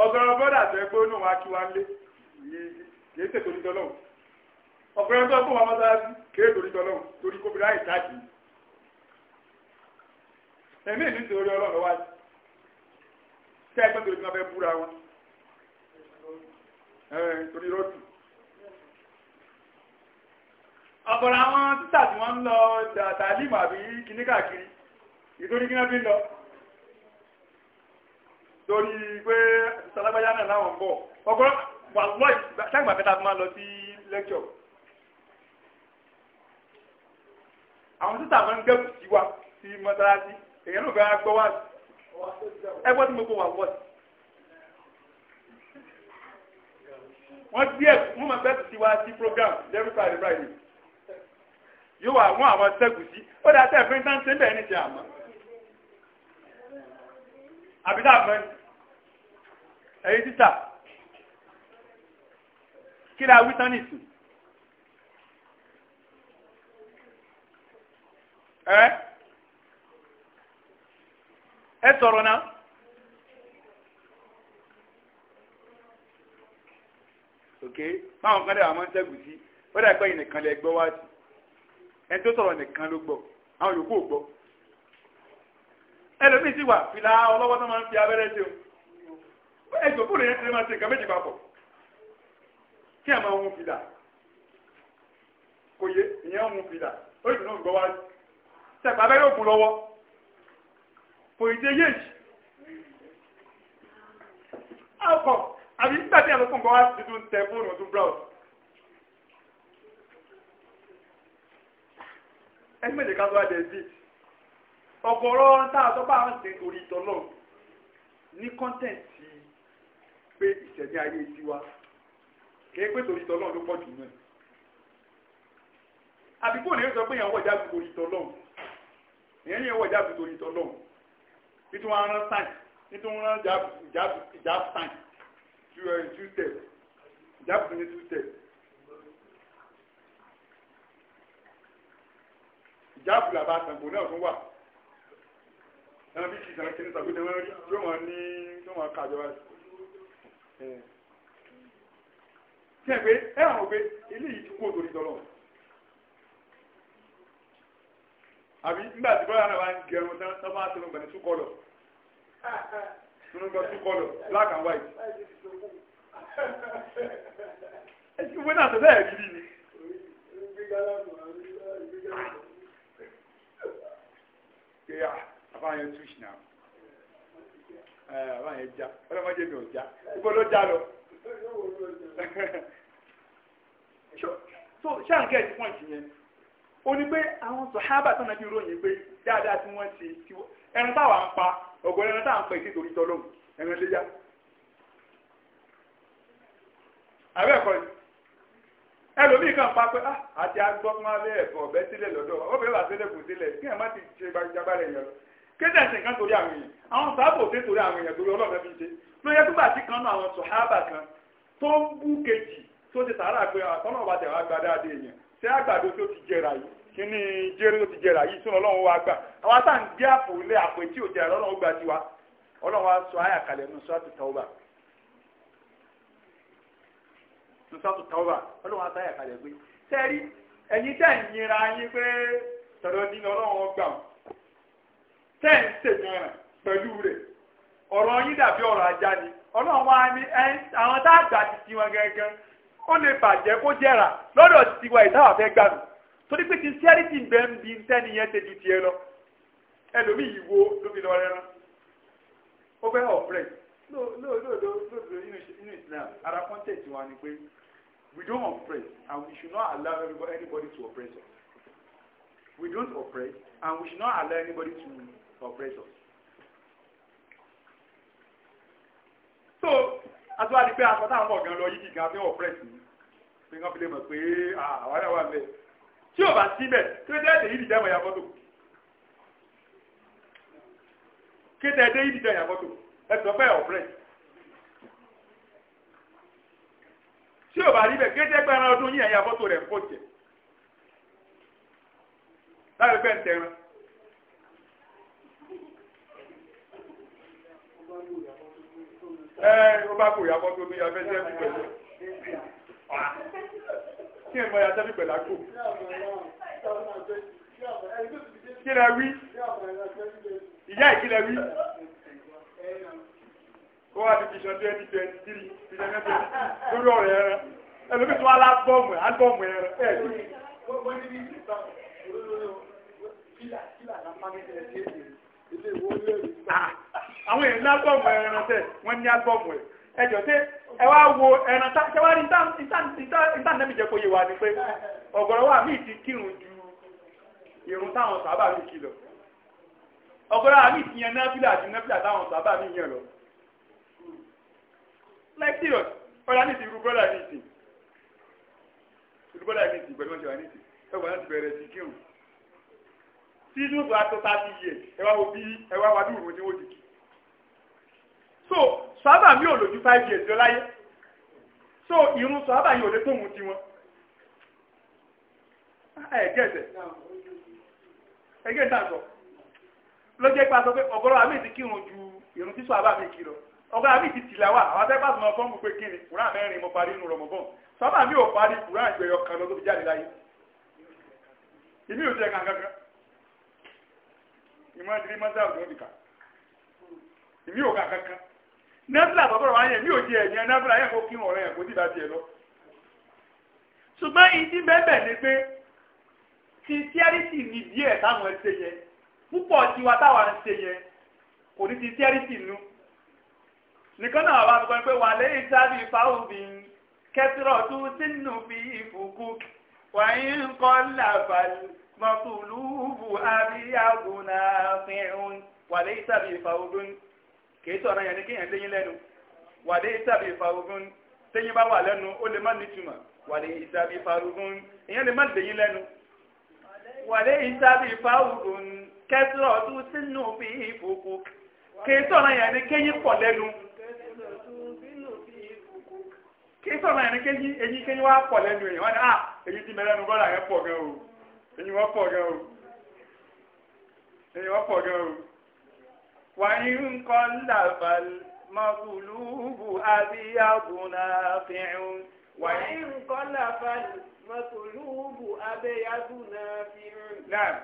ọgọrọ tó ẹ pé ó kí wá lé kìí ṣètò orí tọlọ ọgọrọ tó ẹ pé wọn mọṣáláṣí kìí ṣètò orí torí kó bìrá ìtajì ẹmí ìlú ìṣòro Ọlọ́run ẹgbẹ́ torí fẹ́ búra wọn torí rọ́ọ̀tù ọ̀pọ̀lọpọ̀ àwọn títà tí wọ́n ń lọ tàlímù àbí ìtorí kí wọ́n fi lọ torí pé sálágbájá náà láwọn ń bọ̀ ọgbọ́n wà lọ́ọ̀ sáàgbà fẹ́ta máa lọ sí lẹ́kṣọ̀ àwọn títà máa ń gẹ́kù sí wa sí mọ́sálásí èèyàn ló fẹ́ gbọ́ wá ẹgbẹ́ tí mo kó wà wọ́ọ̀sì wọ́n díẹ̀ wọ́n máa fẹ́ẹ́ sí wa sí program every Friday Friday yóò wà wọ́n àwọn sẹ́kù sí ó dà tẹ́ fún ìtàn ṣe bẹ́ẹ̀ ní ti àmọ́ àbídá àmọ́ ẹ̀yin títà kí la wítán nìsín ẹ ẹ sọ̀rọ̀ náà ok báwọn kan lè àwọn máa ń tẹ́gùn sí ó dà pé ẹ̀yin nìkan lè gbọ́ wá sí ẹni tó sọ̀rọ̀ nìkan ló gbọ́ àwọn yòókù ò gbọ́ ẹlòmíì sì wà fìlà ọlọ́wọ́ tó máa ń fi abẹ́rẹ́ sí o ẹgbẹ́ fúnra yẹn ti máa ṣe nǹkan méjì papọ̀ kí ẹ máa hun fìlà kò yé ìyẹn hun fìlà ó sì náà gbọ́ wá sẹ́pà abẹ́rẹ́ òkun lọ́wọ́ kò ì akọ àbí nígbà tí àlọ́ fún nǹkan wá tuntun tẹ fóònù ọdún browse ẹni méje ká tó wá dé bíi ọ̀gọ̀rọ̀ tá a sọ bá ń ṣe torí ìtọ́lọ̀ ní kọ́ńtẹ̀ǹtì pé ìṣẹ̀lẹ̀ ayé tiwa kìí pé torí ìtọ́lọ̀ ló pọ̀ jù náà àbíkú òní sọ pé èèyàn wọ̀ jáde torí ìtọ́lọ̀ èèyàn ní wọ̀ jáde torí ìtọ́lọ̀ nítorí wọn rán sáìn nítorí wọn rán ìjáàbù sáìn ju ẹ̀ two step ìjáàbù ní two step. ìjáàbù làbá àtàǹgbò náà tún wà. ẹran bí kìtàn kìíní tàbí tẹ wọn yóò máa ní yóò máa kájọ wá sí. tí ẹ pé ẹ hàn ó pé ilé yìí kú òtò nítorọ àbí nígbà tí bọ́lá náà wá ń gẹrun tán tán tẹnu tẹnu black and white. ẹ ti wọ́n náà tẹ̀lé ẹ̀rí rí ni yeah. àbáyẹn túṣì náà àbáyẹn já ọlọ́mọdé mi ò já ibo ló já lọ. so ṣáàǹkẹ́ ti pọ́ǹtì yẹn ó ní pé àwọn sọ̀hábà tó nàbí ròyìn pé dáadáa tí wọ́n ti ti ẹran táwa ń pa ọ̀gbọ̀n ẹran táwa ń pa ìkéde orítọ́ lóhùn ẹran lé já. àbẹ́ ẹ̀kọ́ ni ẹlòmíì kan pa pé ah, àti agbọ́n máa bẹ́ẹ̀ bọ̀ bẹ́ẹ̀ sílẹ̀ lọ́dọ̀ ọ̀bẹ̀ wà sílẹ̀ kù sílẹ̀ kí ẹ̀ má ti ṣe gbajúgbajà rẹ̀ yẹn lọ. kéde ẹ̀sìn kan torí àwọn èèyàn àwọn sábà ò torí àwọn èèyàn torí ọlọ́ọ̀fẹ́ fi ṣe ló yẹ tí kan náà àwọn sọ̀hábà kan tó ń bú kejì tó ti sàárà pé àtọ́nà ah, ọba tẹ̀wá gba dáadé èèyàn ṣé àgbàdo tó ti yìí kí ni tó wa gbà àwa gbé àpò ilé àpò tí ò jẹrà ọlọ́run tiwa ọlọ́run sọ àyà kalẹ̀ nù ọlọ́run wa sọ àyà kalẹ̀ tẹ́ ń ṣègbọràn pẹ̀lú rẹ̀ ọ̀rọ̀ yín dàbí ọ̀rọ̀ ajá ni ọlọ́run wa ni àwọn tá a gbà ti tiwọn gangan ó lè bàjẹ́ kó jẹ́ra lọ́dọ̀ tiwa ìtawà fẹ́ gbà mí torí pé ti sẹ́rìtì bẹ́ ń bi sẹ́ni yẹn ṣe ju tiẹ̀ lọ ẹlòmíì yìí wo lómi lọ rẹ́rán ó fẹ́ ọ̀pẹ́rẹ́ lóòótọ́ inú Islam ara kọ́ńtẹ̀tì wa ni pé we don't oppress and we should not allow anybody to oppress us we don't oppress and we should not allow anybody to for operation. so àtúwádìí pé aṣọ táwọn ọmọ gan lọ yí kíkan fẹ́ operation pé wọ́n fi lè mọ̀ pé àwọn ẹ̀wà ń bẹ̀ tí ò bá síbẹ̀ tí ó dẹ́ẹ̀dẹ̀ yìí dìjẹ́ mọ̀ ìyá fọ́tò kí dẹ́ẹ̀dẹ̀ yìí dìjẹ́ ìyá fọ́tò ẹ̀sọ́ pé operation. tí ò bá rí bẹ̀ kéde gbẹ́ran ọdún yìí ẹ̀yà fọ́tò rẹ̀ ń pọ̀ jẹ́ láti fẹ́ ń tẹran. bá kò yá mọ́tò tó yá fẹ́ pẹ̀lú kí ẹ̀ mọ́ ya sẹ́fì pẹ̀lú àkó. kí lẹ wí ìyá ìkí wí ó wà ní bíṣọ twenty twenty three bíṣọ lórí ọ̀rẹ́ ẹran ẹlòmíì tó wà lábọ́ọ̀mù ábọ́ọ̀mù ẹran ẹ̀ lórí. Ah, àwọn èèyàn lábọ́ọ̀mù ẹran tẹ̀ wọ́n ní ábọ́ọ̀mù ẹ̀ ẹjọ́ tí ẹ wá wo ẹran tẹ́wárí ìtànẹ́bì jẹ́ kó yé wa ni pé ọ̀gọ̀rọ̀ wà míì ti kírun ju irun táwọn sábà mi kí lọ ọ̀gọ̀rọ̀ àmì ti yan náfìlà àti náfìlà táwọn sábà mi yàn lọ like serious ọ̀la ní ti irú brọ́dà ní ìsìn irú brọ́dà ní ìsìn pẹ̀lú ọ̀ṣẹ̀ wà ní ìsìn ẹgbẹ́ náà ti bẹ̀rẹ̀ sí kírun season to ato thirty years ẹ wá wo bí ẹ wá bí òun ni ti kí so sọ́ábà mi ò lójú five years lọ láyé so irun sọ́ábà yìí ò lè tóhun ti wọn ẹ̀gẹ́sẹ̀ ẹ̀gẹ́sẹ̀ àgọ́ ló jẹ́ pa sọ pé ọ̀gọ́rọ̀ àmì ti kírun ju irun tí sọ́ábà mi kí lọ ọ̀gọ́rọ̀ àmì ti tìlà wà àwọn akẹ́kọ̀ọ́ àti ọkọ̀ ń gbé kí ni kùrán mẹ́rin mo parí inú rọmọbọ́n sọ́ábà mi ò parí kùrán àgbẹ̀yọ kan lọ tó fi jáde láyé ìmí ò jẹ́ kankan ìmọ̀ ìdílé mọ́tà òdòdìkà ìmí ò kankan nẹ́fìlà bàbá wa yẹn mi ò jẹ ẹ̀yẹn nẹ́fìlà yẹn kó kí wọn rẹ̀ kó ti bá tiẹ̀ lọ. ṣùgbọ́n ìdí bẹ́ẹ̀ ni pé sincerity ni díẹ̀ táwọn ṣe yẹn púpọ̀ tiwa táwọn ṣe yẹn kò ní sincerity nu. nìkan náà wà gbọ́n pé wà lẹ́yìn sábì fáwùbì kẹ́tìrọ̀ tó sínú fi ìfúkú wàyí ń kọ́ làbàlì mọ̀kùlùbù àbíyàgùn náà fi hùn wà lẹ́yìn sábì fáwùbì kìí sọ̀rọ̀ yẹn ni kéèyàn léyìn lẹ́nu wàdé ìtàbí ìfarugun téyìn bá wà lẹ́nu ó lè má nítumọ̀ wàdé ìtàbí ìfarugun ìyẹn lè má léyìn lẹ́nu wàdé ìtàbí ìfarugun kẹsìrọ̀ tún sínú bí ìfòkù kìí sọ̀rọ̀ yẹn ni kéyìn pọ̀ lẹ́nu kìí sọ̀rọ̀ yẹn ni kéyìn eyín kéyìn wá pọ̀ lẹ́nu èyàn wọ́n ni ah èyí ti mẹ́lẹ́nu bọ́lá yẹn pọ̀ gan o èyí wọ́n pọ̀ gan o èyí wọ́n pọ̀ gan o. وإن قل فالمطلوب أبيض نافع وإن قل فالمطلوب أبيض نافع نعم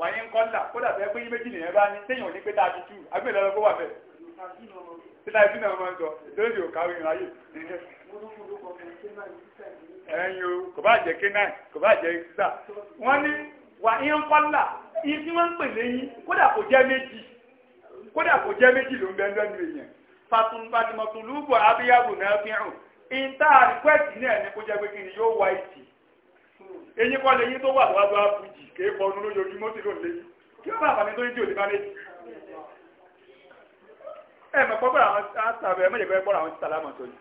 wàyín kọ́lá kódà fẹ́ pé méjì nìyẹn bá ní téèyàn ní pé táàbí tú agbèrè lọ́wọ́ kó wà ń sọ lórí òkàwé ìráyè. ẹ̀yin o kò bá jẹ́ kénáì kò bá jẹ́ sísà. wọ́n ní wàyín kọ́lá iye tí wọ́n ń pè léyìn kódà kò jẹ́ méjì kódà kò jẹ́ méjì ló ń bẹ́ẹ̀ bẹ́ẹ̀ nínú èèyàn fatunbatimọ̀tulúbọ̀ abíyábù náà fi hàn ìta rìkwẹ́tì náà ní kó jẹ́ pé kí ni yóò wá ìtì eyín kọ́ lẹ́yìn tó wà lọ́wọ́ àbújì kéé kọnu lójoojúmọ́ sí ló ń léyìn kí wọ́n bá àbámi tó ń jò lè bá léyìn. ẹ mọ̀ pọ́ bọ́ra àwọn sábẹ́ ẹ mọ̀ yẹ pé bọ́ra àwọn sísàlámà tó yìí.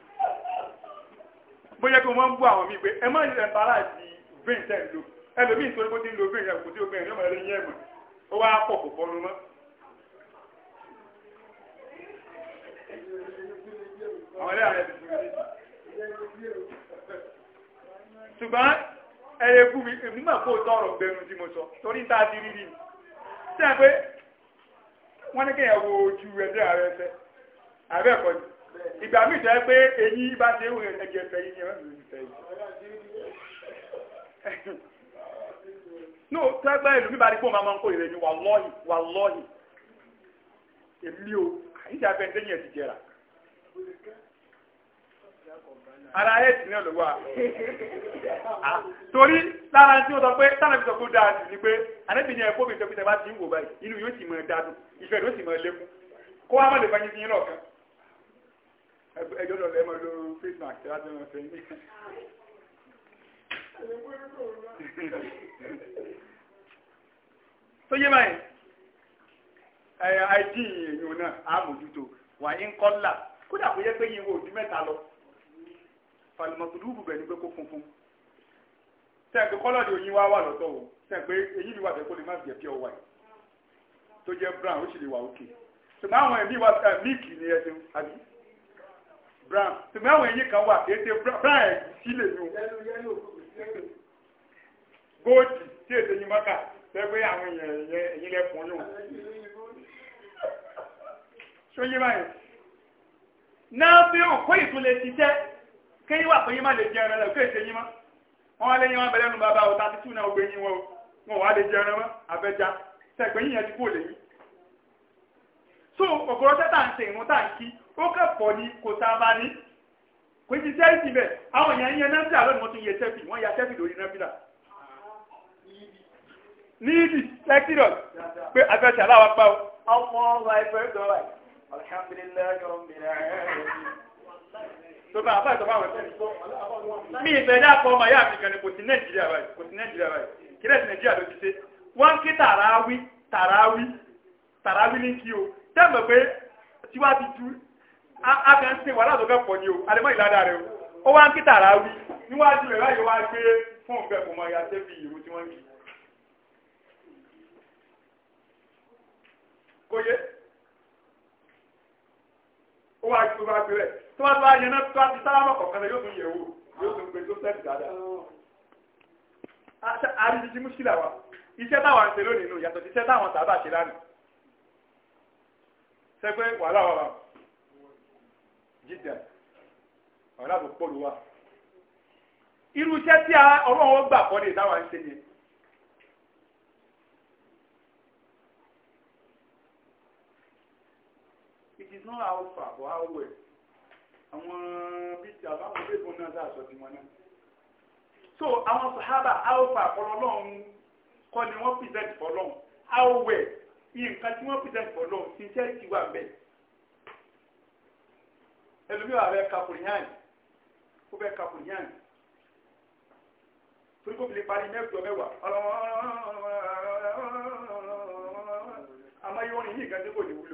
bó yẹ kí wọ́n máa ń bú àwọn míì pé ẹ má yẹ bàrà di vein tẹ̀ ń lò ẹlòmíì nítorí bó ti ń lo vein yẹn kò sí obìnrin yóò máa lè yẹ ẹ̀mọ̀ ó wá pọ̀ kò fọ́nu mọ́ ọ̀rẹ́ rẹ̀ ṣùgbọ́n mi èmi kó tọrọ gbẹnu tí mo sọ torí tá ti rí rí mi pé wọ́n ní kéèyàn wo ojú ẹ̀jẹ̀ ni ìgbà pé bá ṣe ń ẹ̀jẹ̀ fẹ́ yìí. ìlú mi bá rí pé ń kó ìrẹ́ni wà lọ́yìn wà lọ́yìn èmi o fẹ́ ń tẹ́yìn ẹ̀ ara ayé tì ní olùwà ah, torí lára tí ó sọ pé sálàbí sọ pé dáa sí ni pé àdébìnrin ẹ̀kọ́ mi tẹ́kùtẹ́ bá ti ń wò báyìí inú yóò sì mọ ẹ dáadùn ìfẹ́ yóò sì mọ ẹ lékún kó wá má lè fẹ́yìn sí lọ́ọ̀kan ẹjọ́ lọ lẹ́mọ̀ ló face mask tí wọ́n ti tó yé báyìí àìdí èèyàn náà á wà ní kọ́là kódà kó yẹ pé yín wo ojú mẹ́ta lọ. falimọ̀tòlúùbù bẹ̀ ni pé kó funfun sẹ́ǹpé kọ́lọ́dì oyin wá wà lọ́tọ̀ o sẹ́ǹpé eyín ni wà fẹ́ kó lè má jẹ́ pure white tó jẹ́ brown ó sì lè wà òkè ṣùgbọ́n àwọn ẹ̀mí wà sí milk ni ẹ ṣe àbí brown ṣùgbọ́n àwọn ẹ̀yìn kan wà kéde brown ẹ̀ sí lè o góòdì tí èdè yín mọ́kà sẹ́gbẹ́ àwọn èèyàn ẹ̀yìn lẹ́kùn yóò ṣó yé báyìí náà fi hàn kó ìtúlẹ̀ ti tẹ́ kéyìn wà pé yín má lè jẹ ẹran lọ kéèké yín mọ wọn wá lẹ́yìn wọn bẹ̀rẹ̀ nu bàbá o tàbí tún náà gbé yín wọn o wọn wà lè jẹ ẹran mọ abẹja sẹgbẹ yín yẹn ti kú lẹ́yìn. so kòkòrò tẹ́ tà ń ṣe ìwọ̀n tà ń kí ó kẹ́pọ̀ ni kò tá a bá ní kò ti jẹ́ ìsìn bẹ́ẹ̀ àwọn èèyàn yẹn náà ń tà lọ́nà wọn tún yẹ sẹ́fì wọ́n ya sẹ́fì lórí náà bílà. ní ìdí pé abẹ́sẹ̀ aláwa pa ọ. ọmọ ọmọ ẹgbẹ́ tọba àbá ìtọ́ba àwọn ẹ̀fẹ́ nìkan mi ìfẹ́ dá kọ́ ọmọ ayé àfihàn ni kò sí nàìjíríà báyìí kò sí nàìjíríà báyìí kílẹ̀ sí nàìjíríà ló ti ṣe wọ́n kí tàràwí tàràwí tàràwí ní kí o tẹ́mọ̀ pé tiwájú ju akẹ́ ń sìn wàhálà tó fẹ́ pọ̀ ni o alẹ́mọ́ ìlàdà rẹ o ó wá ń kí tàràwí níwájú rẹ̀ báyìí wá gbé fún ìfẹ́ kò mọ ìyá tẹ́bí ìrù tí wọ́n ń kì í ó wá tó bá gbé rẹ̀ tó bá tó bá yẹn náà tó bá ti sálámà kọ̀ọ̀kan yóò tún yẹ̀ wò yóò tún gbé tó sẹ́ẹ̀tì dáadáa. àríjìjì múṣkìlà wa iṣẹ́ táwọn ń ṣe lónìí nù yàtọ̀ iṣẹ́ táwọn sábà ṣe lánàá. sẹ́gbẹ́ wàhálà wà jíjà wàhálà tó pọ̀ lù irú iṣẹ́ tí ọlọ́run ó gbà kọ́ it's not how far but how well àwọn bíi àbáwọn ilé ìbọn náà dá aṣọ tiwọn náà so àwọn sàhábà how far fọlọ́lọ́hún kọ́ ni wọ́n present fọlọ́hún how well nǹkan tí wọ́n present fọlọ́hún sincerity wà bẹ́ẹ̀ ẹlòmíràn rẹ̀ kàpùrìyàn kó bẹ́ẹ̀ kàpùrìyàn torí kó fi lè parí mẹ́jọ mẹ́wàá ọlọ́wọ́ amáyéwọ́n yìí nǹkan tí kò wúlò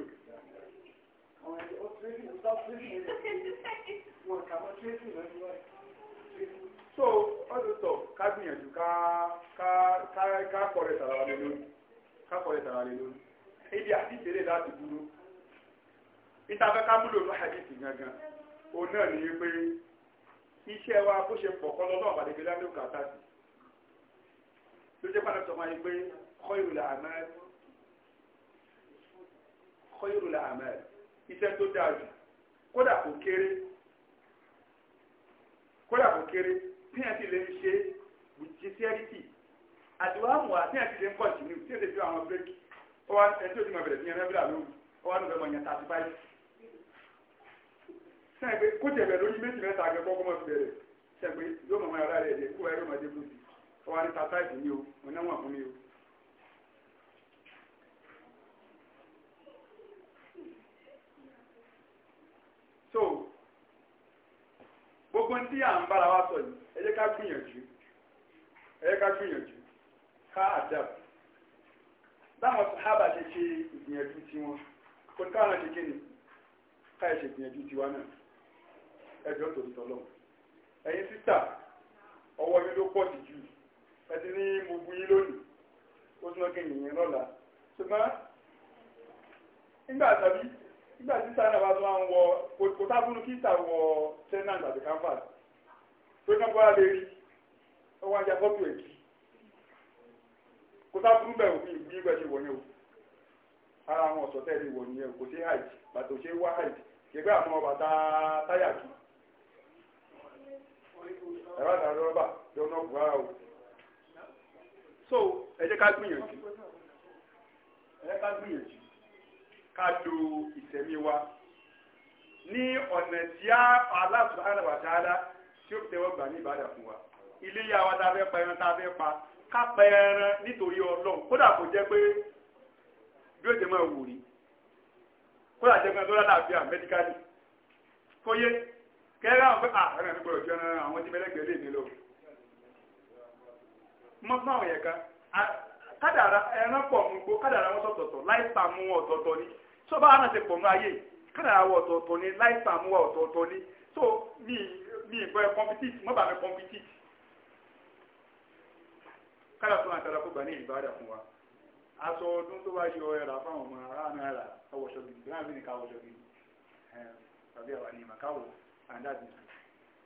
so wọ́n ti tọ̀ ká gbìyànjú ká ká ká ká kọ̀rẹ́ tàrà lé lórí ká kọ̀rẹ́ tàrà lé lórí ibi àti ìṣeré láti dúró ìtafẹ́ ká múlò ní àdìsí gangan òun náà ní pé iṣẹ́ wa bó ṣe pọ̀ kọ́ lọ́nà àbàdébí lálẹ́ òkàtà sí ló jẹ́ pàtàkì ọmọ yìí pé khairul a'mal khairul a'mal iṣẹ́ tó dáa jù kódà kò kéré kódà kò kéré tí yẹn ti lè ń ṣe with sincerity àtiwáàmù wa tí yẹn ti lè ń continue tí yẹn ti fi àwọn break ó wá ẹni tó ti mọ̀ bẹ̀rẹ̀ fi yẹn rẹ́bílà lóru ó wá nùbẹ̀ mọ̀ yẹn thirty five sẹ́yìn pé kó tẹ̀lé lórí méjì mẹ́ta àgbẹ̀ kọ́kọ́ mọ̀ bẹ̀rẹ̀ sẹ́yìn pé yóò mọ̀ mọ́ ara rẹ̀ dé kó wá yóò mọ̀ dé kó sí ó wá ní thirty five ní o mo náwó àfún mi o. gbogbo tí à ń bára wa sọ yìí ẹ jẹ́ ká gbìyànjú ẹ jẹ́ ká gbìyànjú ká àdàbò báwọn sàhábà ṣe ṣe ìgbìyànjú tiwọn kò ní káwọn ṣe kéde ká ẹ ṣe ìgbìyànjú tiwa náà ẹ jọ tòun tọ́lọ́ ẹ̀yin sísà ọwọ́ yín ló pọ̀ sí jù ẹ ní mo bu lónìí ó tún lọ́kẹ́ yìnyín lọ́la ṣùgbọ́n nígbà tàbí nígbà tí sáyẹn bá nwọ máa ń wọ kò tábùnú kí wọ tenant àti canvas pé kán bọ́lá lè rí ọwọ́ ajá fọ́tò ẹ̀ kí kò bẹ̀ òfin ìgbì ìgbà ṣe wọ̀ yẹn o ara àwọn kò ṣe ṣe so ká gbìyànjú Kadu lo ìtẹ̀mí wa ní ọ̀nà tí Allah subhanahu wa ta'ala tí ó tẹ́wọ́ gbà ní ìbádà fún wa iléyá wa tá a pa ẹran tá pa ká pa ẹran nítorí ọlọ́run kódà kò jẹ́ pé bí ó jẹ́ máa wò rí kódà jẹ́ pé lọ́la àbíà mẹ́díkálì kóyé kẹ́rẹ́ àwọn pé àárín ah, àti gbọ́dọ̀ jẹun àwọn tí mẹ́lẹ́gbẹ̀ẹ́ lè ní lọ. mọ fún àwọn yẹn kan kádàrá ẹran pọ̀ mú gbó kádàrá wọn sọ̀tọ̀tọ̀ láìsàmú ọ̀tọ̀ọ̀tọ̀ ni sọba àná ti pọ̀ nù ayé kánàdà wọ ọ̀tọ̀ọ̀tọ̀ ni láìsàn mú wa ọ̀tọ̀ọ̀tọ̀ ni so mi mi ìbọn ẹ kọ́mpítìtì mọ́ba mi kọ́mpítìtì kálá tó náà tẹ̀lé kó gbà ní ìbáradà fún wa aṣọ ọdún tó bá yọ ẹ̀rà fáwọn ọmọ ará náà rà káwọṣọ gidi náà bí ní káwọṣọ gidi ẹ tàbí àwọn ni màkàwọ and that is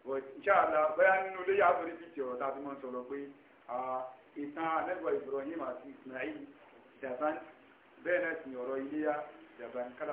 but inshallah bóyá nínú ilé yàtọ̀ níbi tí ọ̀rọ̀ tá a fi máa ń sọ̀rọ̀ pé ìtàn anẹ́gbà Ibrahim àti Ismail japan bẹ́ẹ̀ náà sì ọ̀rọ̀ iléyà daban